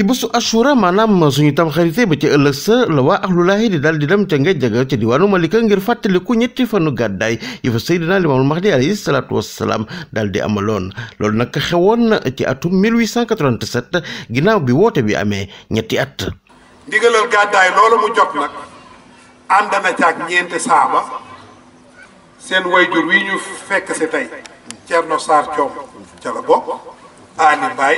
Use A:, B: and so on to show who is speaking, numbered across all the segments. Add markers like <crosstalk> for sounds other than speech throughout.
A: ci bésu ashura maanaam suñu tamxarite ba ci ëllëg sa la waa axlulaahi di daal di dem ca nga jaga ca diwaanu malika ngir fàttaliku ñetti fanu gàddaay yi fa seydina limaamul mahdi di salaatu wassalaam daal di amaloon loolu nag xewoon ci atum 1887 ginnaaw bi woote bi amee ñetti at
B: ndigalal gàddaay loolu mu jot nag ànd na ca ak ñeenti saaba seen wayjur wi ñu fekk si tey Cerno Saar Coom ca la bokk Aali Baay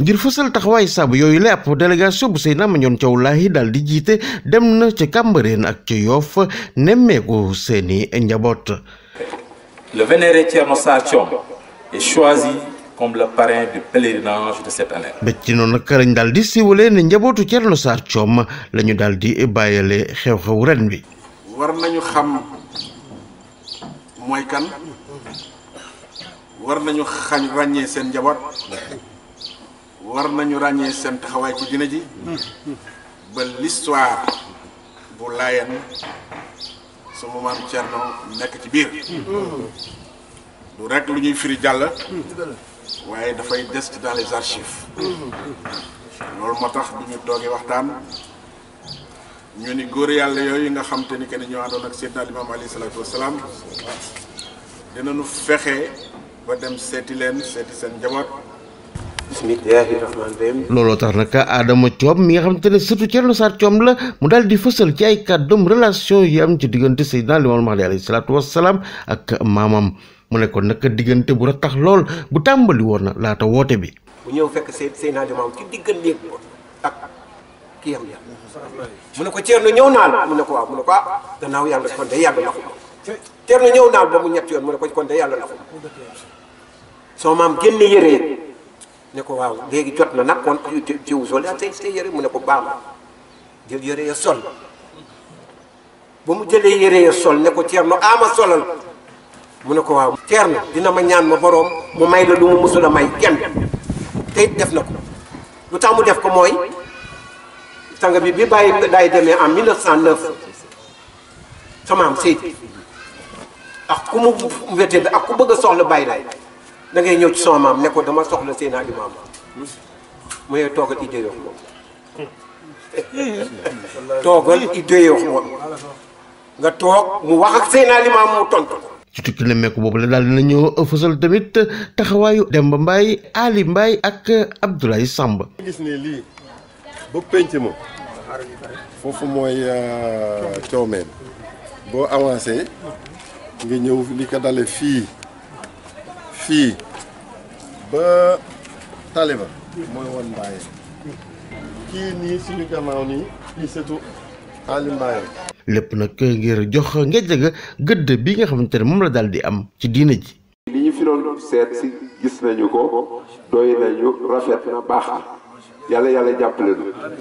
A: ngir fësal taxawaay saabu yooyu la ab délégation bu Seyna Mandione Thiaw Lahi daal di jiite dem na ci Cambérène ak ci Yoff nemmeeku seeni njaboot.
B: Le vénéré Thierno Sarr Thion choisi comme le parrain du pèlerinage de cette année.
A: ba noonu nag lañ di siiwalee ne njabootu Thierno Sarr Thion la ñu daal di bàyyale xew-xew ren bi.
B: war nañu xam mooy kan. war nañu xañ ràññee seen njaboot war nañu ràññee seen taxawaay ci dina ji ba l'histoire bu Laayeen sama maam Cerno nekk ci biir du rekk lu ñuy firi jàll waaye dafay des ci dans les loolu moo tax bu ñu toogee waxtaan ñu ni góor yàlla yooyu nga xam te ni kenn ñoo àndoon ak Seydina Limaam alayhi salaatu wa salaam fexe ba dem seeti leen seeti seen njaboot.
A: bismillahi rahmaani rahim looloo tax nag Adama Thiom mi nga xamante ne surtout Thierno Sarr Thiom la mu daal di fësal ci ay kàddoom relation yi am ci diggante Seydina Limamou Mahdi alayhi salaatu wassalaam ak maamam mu nekkoon nag diggante bu ratax lool bu tàmbali woon na laata woote bi.
C: bu ñëw fekk Seydina Limamou ci diggante ak kii am yàlla mu ne ko Thierno ñëw naa la mu ne ko waaw mu ne ko ah gannaaw yàlla kon day yàlla laxu ma Thierno ñëw naa ba mu ñett yoon mu ne ko kon day yàlla laxu ma sama maam génne yére ne ko waaw léegi jot na nag kon jiw sol ah tey tey yére mu ne ko baax na jël yére ya sol ba mu jëlee yére ya sol ne ko Thierno ama ah, solal mu ne ko waaw Thierno dina ma ñaan ma boroom mu may la lu mu musul a may kenn tey def na ko lu tax mu def ko mooy sanga bi bi bàyyi daay demee en 1909 sama am Seydi ak ku mu wéte ak ku bëgg a soxla bàyyi daay da ngay ñëw ci sama maam ne dama soxla seen i maam mu toogal idée yoo <laughs> toogal idée yoo nga toog mu wax ak seen i maam mu tontu.
A: ci tukki na meeku boobu la daal dina ñëw tamit taxawaayu Demba Mbaye Ali Mbaye ak Abdoulaye Samb.
B: lii ba penc ma foofu mooy euh, coomeen boo avancé nga ñëw li ko dalee fii. fii ba taliba mooy woon Mbaye kii nii suñu gannaaw nii kii surtout Ali Mbaye
A: lépp nag ngir jox Ngédiaga gëdd bi nga xamante ne moom la daal di am ci diina ji
B: li ñu fi seet si gis nañu ko doy nañu rafet na baax na yàlla yàlla jàppale